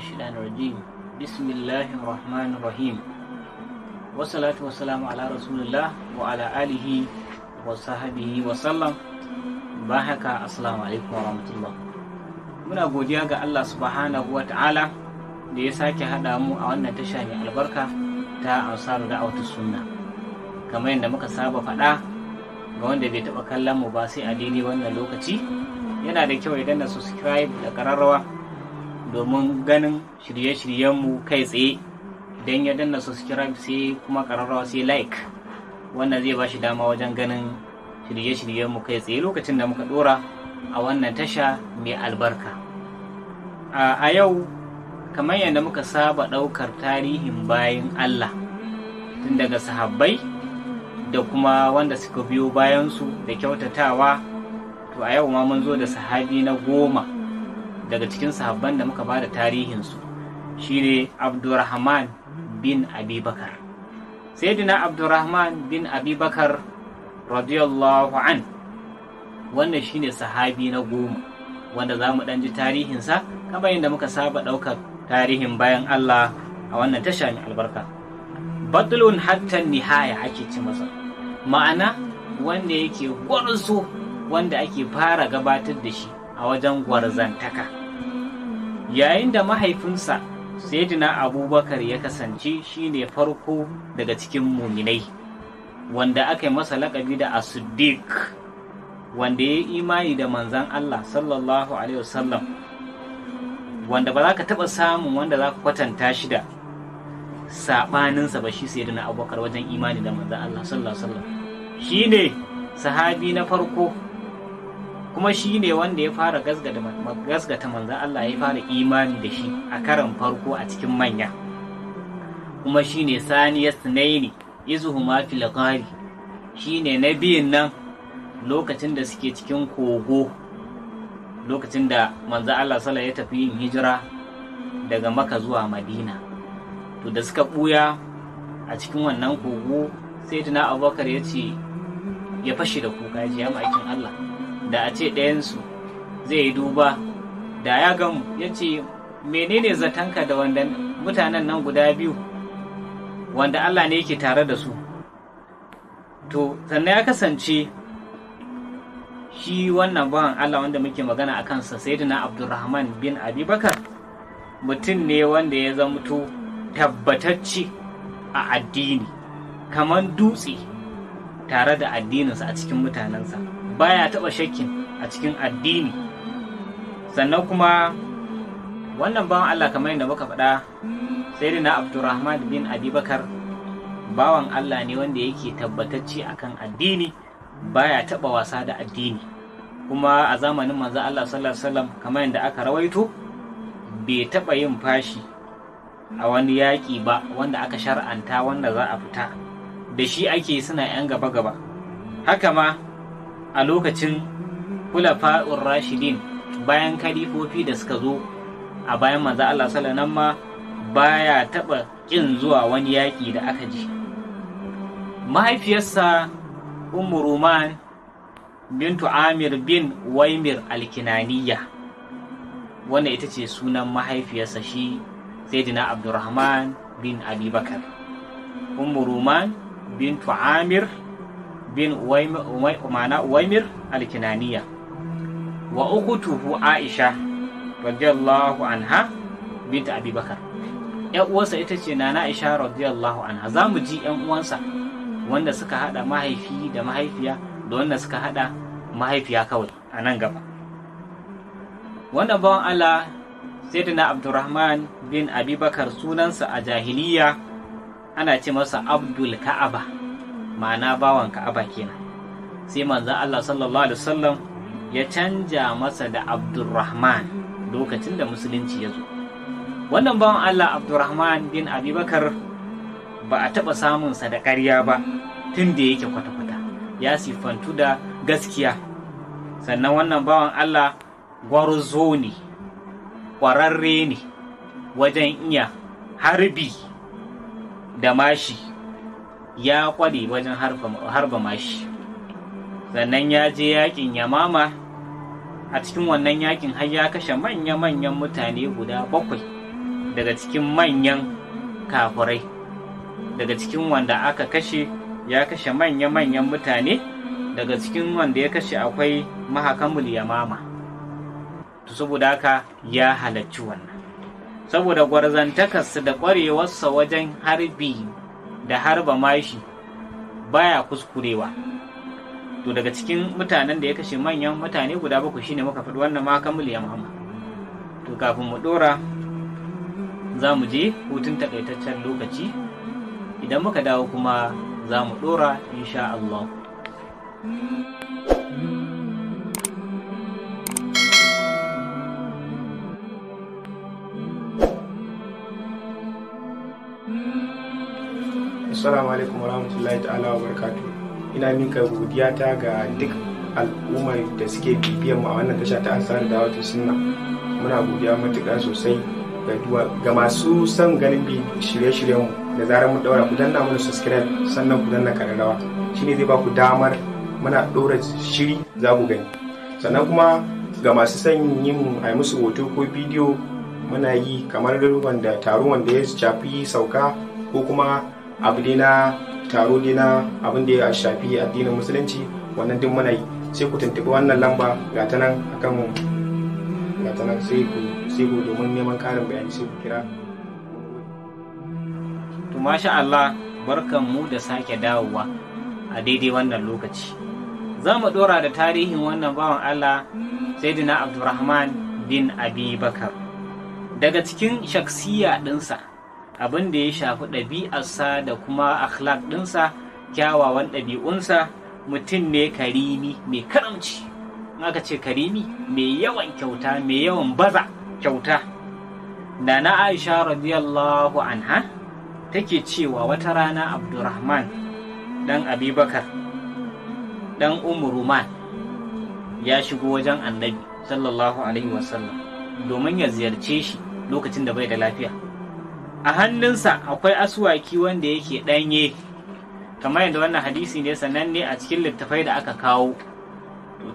الشيطان الرجيم بسم الله الرحمن الرحيم والصلاة والسلام على رسول الله وعلى آله وصحبه وسلم بحك السلام عليكم ورحمة الله muna godiya ga Allah subhanahu wa ta'ala da ya sake haɗa mu a wannan tasha mai albarka ta ansaru da autu suna kamar yadda muka saba faɗa ga wanda bai taɓa kallon mu ba sai a daidai wannan lokaci yana da kyau ya danna subscribe da ƙararrawa domin ganin shirye-shiryenmu kai tsaye idan ya danna subscribe sai kuma kararrawa sai like wannan zai ba shi dama wajen ganin shirye-shiryenmu kai tsaye lokacin da muka dora a wannan tasha mai albarka a yau kamar yadda muka saba ɗaukar tarihin bayan allah tun daga sahabbai da kuma wanda suka biyo bayansu da kyautatawa to a yau ma mun zo da sahabi na goma daga cikin sahabban da muka bada tarihinsu shine abdurrahman bin abubakar Saidina abdurrahman bin abubakar radiyallahu an wannan shine sahabi na goma wanda za mu ji tarihinsa kamar yadda muka saba ɗaukar tarihin bayan allah a wannan tasha mai albarka batulun hatta nihaya ake ci masa ma'ana wanda yake gwarzo wanda ake fara gabatar da shi a wajen gwarzantaka yayin da mahaifinsa sayyidina abubakar ya kasance shine farko daga cikin muminai wanda aka yi masa lakabi da asuddik wanda ya yi imani da manzan allah sallallahu alaihi wasallam wanda ba za ka taɓa samun wanda za ka kwatanta shi da saɓaninsa ba shi sayyidina abubakar wajen imani da manzan allah sallallahu alaihi wasallam shine sahabi na farko kuma shi ne wanda ya fara gasgata manzan Allah ya fara imani da shi a karan farko a cikin manya kuma shi ne saniyar sinaini izuhuma filakari shi ne na biyun nan lokacin da suke cikin kogo lokacin da manzan Allah sala ya tafi yin hijira daga maka zuwa madina to da suka buya a cikin wannan kogo sai tuna abubakar ya ce ya fashe da kuka ya ce ya ma'aikin Allah da a ce ɗayansu zai yi duba da ya gamu ya ce menene zatanka da wanda mutanen nan guda biyu wanda Allah ne yake tare da su to sannan ya kasance shi wannan bawan Allah wanda muke magana a kansa sayyidina Abdulrahman bin Abibakar mutum ne wanda ya zamto tabbatacce a addini kamar dutse tare da addininsa a cikin mutanensa. baya taɓa shakkin a cikin addini sannan kuma wannan bawan Allah kamar yadda muka faɗa sai na Abdurrahman bin Abibakar bawan Allah ne wanda yake tabbatacce akan addini baya taba wasa da addini kuma a zamanin manzo Allah sallallahu alaihi wasallam kamar yadda aka rawaito bai taɓa yin fashi a wani yaƙi ba wanda aka shar'anta wanda za a fita da shi ake suna 'yan gaba-gaba haka ma a lokacin kulafa'ur rashidin bayan kalifofi da suka zo a bayan manzo Allah sallallahu ma baya taɓa ƙin zuwa wani yaƙi da aka ji mahaifiyarsa Ummu Ruman bintu Amir bin Waimir alkinaniya wannan ita ce sunan mahaifiyarsa shi Sayyidina Abdurrahman bin Abibakar Ummu Ruman bintu Amir bin umana uwaimir alkinaniya wa ukutuhu aisha radiyallahu anha binta abubakar yan uwansa ita ce na na aisha radiyallahu anha za mu ji yan uwansa wanda suka hada mahaifi da mahaifiya da wanda suka hada mahaifiya kawai a nan gaba wannan bawan allah na abdurrahman bin abubakar sunansa a jahiliya ana ce masa abdul ka'aba ma'ana bawan ka'aba kenan sai manzan Allah sallallahu alaihi wasallam ya canja masa da Abdulrahman lokacin da musulunci ya zo wannan bawan Allah Abdulrahman bin Abubakar ba a taɓa samun sa da ƙarya ba tun da yake kwata-kwata ya sifantu da gaskiya sannan wannan bawan Allah gwarzo ne ƙwararre ne wajen iya harbi da mashi ya kwade wajen harba mashi sannan ya je yakin yamama a cikin wannan yakin har ya kashe manya-manyan mutane guda bakwai daga cikin manyan kafurai daga cikin wanda aka kashe ya kashe manya-manyan mutane daga cikin wanda ya kashe akwai mahakamul yamama to saboda haka ya halarci wannan saboda gwarzantakarsa da ƙwarewarsa wajen harbi da harba mashi baya kuskurewa to daga cikin mutanen da ya kashe manyan mutane guda shi shine muka faɗi wannan ma kamul to kafin mu ɗora za mu je hutun takaitaccen lokaci idan muka dawo kuma za mu ɗora insha Allah. assalamu alaikum warahmatullahi ta'ala wa barkatu ina minka godiya ta ga duk al'ummar da suke bibiyar mu a wannan tasha ta ansar da wata sunna muna godiya matuƙa sosai ga masu son ganin bi shirye-shiryen mu da zarar mun daura ku danna mana subscribe sannan ku danna kararrawa shine zai ba ku damar muna ɗora shiri za ku gani sannan kuma ga masu son yin a musu hoto ko bidiyo muna yi kamar da taron wanda ya shafi sauka ko kuma abu ne na taro ne na abin da ya shafi addinin musulunci wannan duk muna yi sai ku tuntuɓi wannan lamba ga ta nan a kan ga ta nan sai ku domin neman ƙarin bayani sai ku kira to masha Allah barkan mu da sake dawowa a daidai wannan lokaci za mu ɗora da tarihin wannan bawan Allah Sayyidina Abdulrahman bin Abi Bakar daga cikin shaksiya ɗinsa abin da ya shafi ɗabi'arsa da kuma akhlaq ɗinsa kyawawan ɗabi'unsa mutum ne karimi mai karamci in aka ce karimi mai yawan kyauta mai yawan baza kyauta da na aisha radiyallahu anha take cewa wata rana abdurrahman dan abubakar dan umuruman ya shigo wajen annabi sallallahu alaihi wasallam domin ya ziyarce shi lokacin da bai da lafiya a hannunsa akwai asuwaki wanda yake ɗanye kamar yadda wannan hadisi ne sannan ne a cikin littafai da aka kawo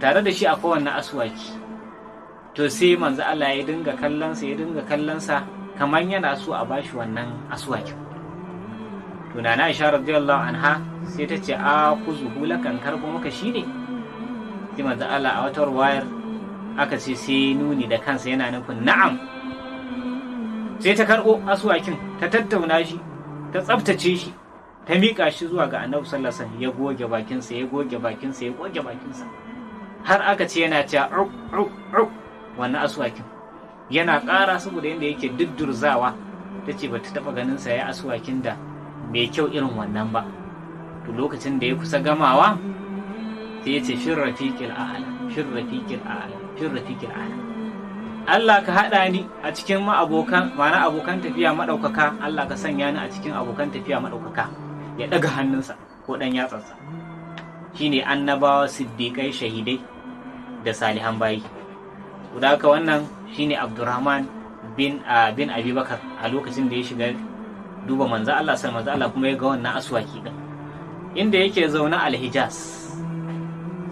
tare da shi akwai wannan asuwaki to sai manzo Allah ya dinga kallonsa ya dinga kallonsa kamar yana so a bashi wannan asuwakin to nana Aisha radiyallahu anha sai ta ce a kuzuhu lakan karbo maka ne. sai manzo Allah a wata wayar aka ce sai nuni da kansa yana nufin na'am sai ta karɓo asuwakin ta tattauna shi ta tsaftace shi ta miƙa shi zuwa ga annabi sallallahu alaihi wasallam ya goge bakinsa ya goge bakinsa ya goge bakinsa har aka ce yana cewa uk uk wannan asuwakin yana ƙara saboda yadda yake duddurzawa ta ce bata taɓa ganin sa ya asuwakin da mai kyau irin wannan ba to lokacin da ya kusa gamawa sai ya ce shirrafiqil a'la shin a'la Allah ka haɗa ni a cikin ma'abokan ma'ana abokan tafiya maɗaukaka Allah ka sanya ni a cikin abokan tafiya maɗaukaka ya ɗaga hannunsa ko ɗan yatsansa. Shi shine annabawa siddiƙai shahidai da salihan bayi guda ka wannan shine abdurrahman bin bin abubakar a lokacin da ya shiga duba manzo Allah sai manzo Allah kuma ya ga wannan aswaki din inda yake zaune alhijas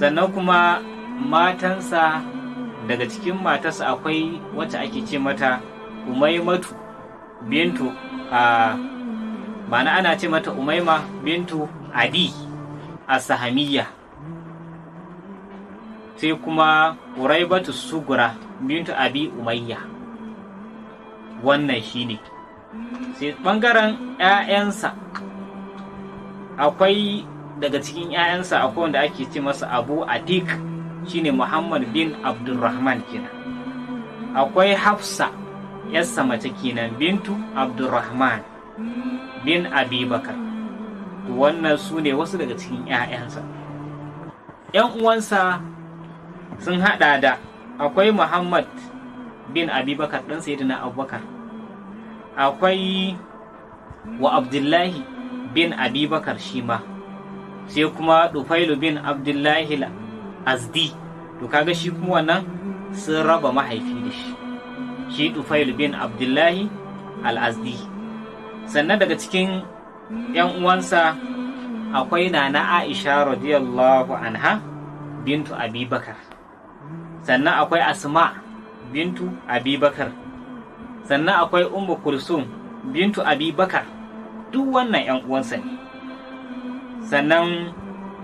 sannan kuma matansa daga cikin matarsa akwai wacce ake ce mata umaimatu bintu a mana ana ce mata umaima bintu adi a sahamiyya sai kuma uraibatu sugura bintu abi umayya wannan shi ne. sai bangaren 'ya'yansa akwai daga cikin 'ya'yansa akwai wanda ake ce masa abu tik. shine muhammad bin abdulrahman kina. akwai hafsa yarsa mace kenan bintu abdulrahman bin abibakar wannan su ne wasu daga cikin 'ya'yansa 'yan uwansa sun haɗa da akwai muhammad bin abibakar ɗan sayyidina abubakar akwai wa abdullahi bin abibakar shi ma sai kuma dufailu bin abdullahi azdi to kaga shi kuma wannan sun raba mahaifi da shi shi tufail bin abdullahi al-azdi sannan daga cikin yan uwansa akwai nana aisha radiyallahu anha bintu Abibakar. sannan akwai asma bintu Abibakar. sannan akwai ummu kulsum bintu Abibakar. duk wannan yan uwansa ne sannan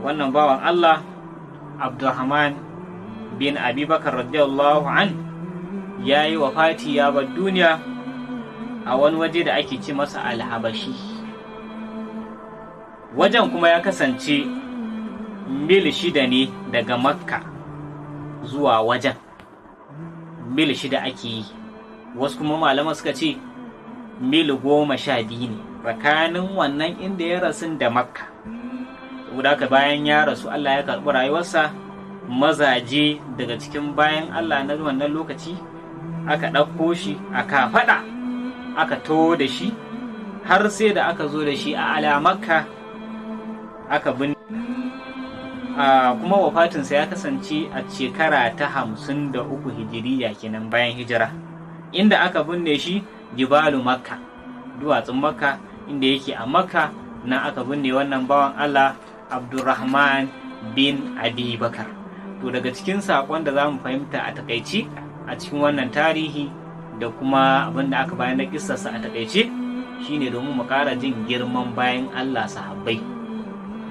wannan bawan allah abdurrahman bin abubakar radiyallahu an ya yi wafati ya bar duniya a wani waje da ake ci masa alhabashi wajen kuma ya kasance mil shida ne daga makka zuwa wajen mil shida ake yi wasu kuma malamar suka ce mil goma sha biyu ne tsakanin wannan inda ya rasun da makka saboda bayan ya rasu Allah ya karɓi rayuwarsa mazaje daga cikin bayan Allah na wannan lokaci aka ɗauko shi a kafaɗa aka to da shi har sai da aka zo da shi a alamakka aka bin kuma wafatinsa ya kasance a shekara ta hamsin da uku hijiriya kenan bayan hijira inda aka binne shi jibalu makka duwatsun makka inda yake a makka na aka binne wannan bawan allah abdurrahman bin abi to daga cikin saƙon da za mu fahimta a takaici a cikin wannan tarihi da kuma abin da aka bayan da ƙisarsa a takaice shine domin mu ƙara jin girman bayan allah sahabbai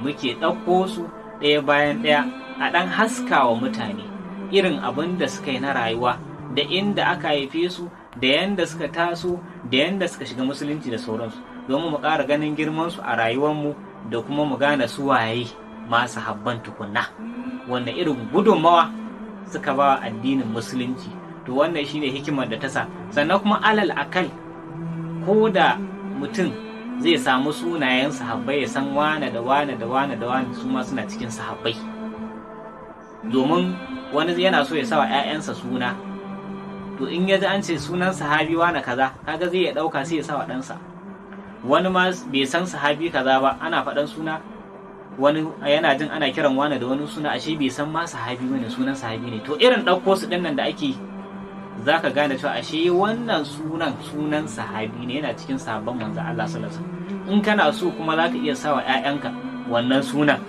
muke ɗauko su ɗaya bayan ɗaya a ɗan haskawa mutane irin abin da suka yi na rayuwa da inda aka haife su da yanda suka taso da yanda suka shiga musulunci da sauransu domin mu ƙara ganin girmansu a rayuwarmu da kuma mu gane su waye masu habban tukunna wanda irin gudunmawa suka ba addinin musulunci to wannan shine hikimar da ta sa sannan kuma alal akal ko da mutum zai samu sunayen sahabbai ya san wane da wane da wane da wane su ma suna cikin sahabbai domin wani yana so ya sawa 'ya'yansa suna to in ya ji an ce sunan sahabi wane kaza kaga zai ya ɗauka sai ya wa ɗansa wani ma bai san sahabi kaza ba ana faɗan suna wani yana jin ana kiran wani da wani suna ashe bai san ma sahabi bane sunan sahabi ne to irin ɗauko su ɗin da ake za ka gane cewa ashe wannan sunan sunan sahabi ne yana cikin sabon manzo Allah sallallahu alaihi wasallam in kana so kuma za ka iya sawa ƴaƴanka wannan sunan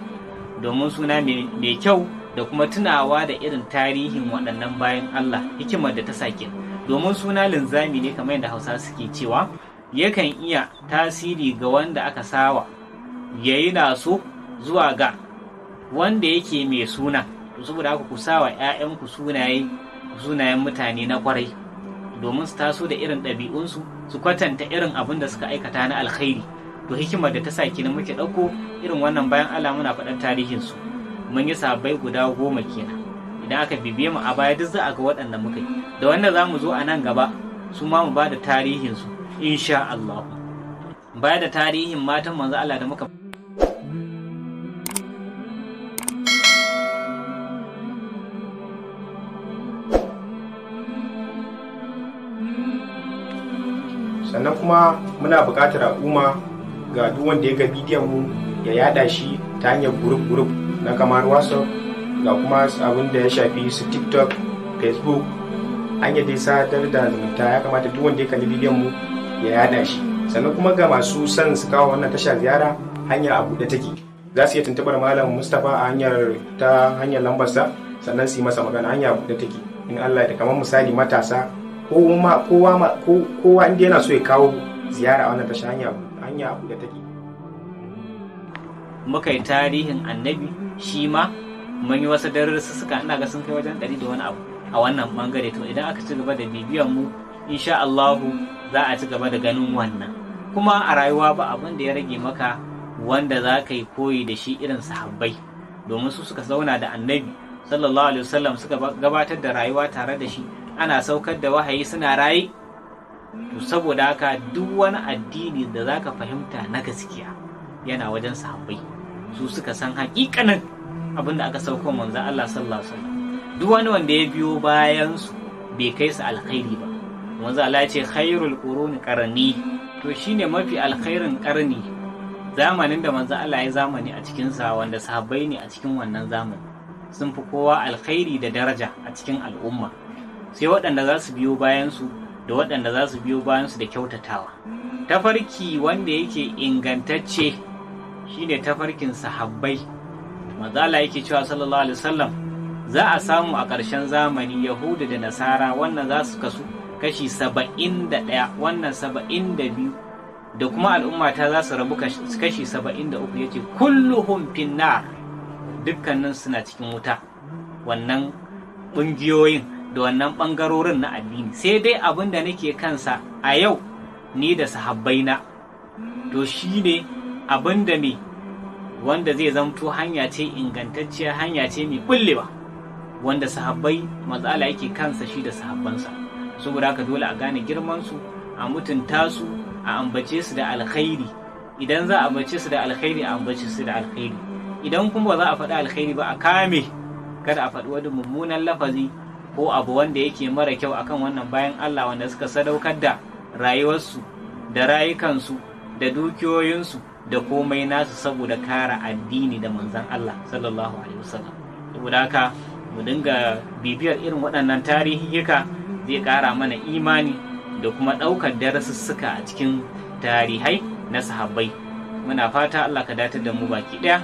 domin suna mai kyau da kuma tunawa da irin tarihin waɗannan bayan Allah hikimar da ta sake domin suna linzami ne kamar yadda Hausa suke cewa yakan iya tasiri ga wanda aka sawa ya yi naso zuwa ga wanda yake mai suna to saboda haka ku sawa 'ya'yanku sunaye sunayen mutane na kwarai domin su taso da irin ɗabi'unsu su kwatanta irin abin da suka aikata na alkhairi to hikimar da ta sa na muke ɗauko irin wannan bayan Allah muna faɗar tarihinsu mun yi sabai guda goma kenan idan aka bibiye mu a baya duk za a ga waɗanda muka yi da wanda za mu zo a nan gaba su ma mu ba da tarihinsu insha Allah baya da tarihin matan manzo Allah da muka sannan kuma muna buƙatar al'umma ga duk wanda ya ga bidiyon mu ya yada shi ta hanyar gurup gurup na kamar whatsapp ga kuma abin da ya shafi su tiktok facebook anya dai sadar da zumunta ya kamata duk wanda ya kalli bidiyon mu ya yada shi sannan kuma ga masu son su kawo wannan tasha ziyara hanya a buɗe take za su iya tuntubar malam mustapha a hanyar ta hanyar lambarsa sannan su yi masa magana hanya a buɗe take in allah da kamar misali matasa kowa inda yana so ya kawo ziyara a wannan tasha hanya a buɗe take muka yi tarihin annabi shi ma mun yi wasu suka ina ga sun kai wajen ɗari da wani abu a wannan bangare to idan aka ci gaba da bibiyan mu insha Allahu za a ci gaba da ganin wannan kuma a rayuwa ba abin da ya rage maka wanda za ka yi koyi da shi irin sahabbai domin su suka zauna da annabi sallallahu alaihi wasallam suka gabatar da rayuwa tare da shi ana saukar da wahayi suna raye to saboda haka duk wani addini da za ka fahimta na gaskiya yana wajen sahabbai su suka san hakikanin abin da aka sauko manzo Allah sallallahu alaihi wasallam duk wani wanda ya biyo bayan su bai kai su alkhairi ba manzo Allah ce khairul quruni qarni to shine mafi alkhairin qarni zamanin da manzo Allah ya zamani a cikin sa wanda sahabbai ne a cikin wannan zamani sun fi kowa alkhairi da daraja a cikin al'umma sai waɗanda za su biyo bayan su da waɗanda za su biyo bayan su da kyautatawa tafarki wanda yake ingantacce shine tafarkin sahabbai manzo Allah yake cewa sallallahu alaihi wasallam za a samu a ƙarshen zamani yahudu da nasara wannan za su kasu kashi saba'in da ɗaya wannan saba'in da biyu da kuma al'ummata za su rabu kashi saba'in da uku ya ce kulluhum dukkanin suna cikin wuta wannan ƙungiyoyin da wannan ɓangarorin na addini sai dai abin da nake kansa a yau ni da sahabbaina to shi ne abin da me wanda zai zamto hanya ce ingantacciyar hanya ce mai kullewa wanda sahabbai matsala yake kansa shi da sahabbansa. saboda haka dole a gane girman su a mutunta su a ambace su da alkhairi idan za a ambace su da alkhairi a ambace su da alkhairi idan kuma ba za a faɗi alkhairi ba a kame kada a faɗi wani mummunan lafazi ko abu wanda yake mara kyau akan wannan bayan Allah wanda suka sadaukar da rayuwarsu da rayukansu da dukiyoyinsu da komai nasu saboda kara addini da manzan Allah sallallahu alaihi wasallam saboda haka mu dinga bibiyar irin waɗannan tarihi tarihika zai ƙara mana imani da kuma ɗaukar darasussuka a cikin tarihai na sahabbai muna fata Allah ka datar da mu baki ɗaya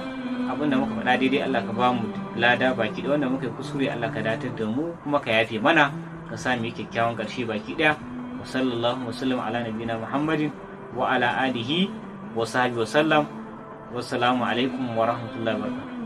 abin da muka faɗa daidai Allah ka ba mu lada baki ɗaya wanda muka yi kuskure Allah ka datar da mu kuma ka yafe mana ka sa mu yi kyakkyawan ƙarshe baki ɗaya wa sallallahu wa sallam ala nabiyina muhammadin wa ala alihi wa sahbihi wa sallam wassalamu alaikum wa rahmatullahi wa barakatuh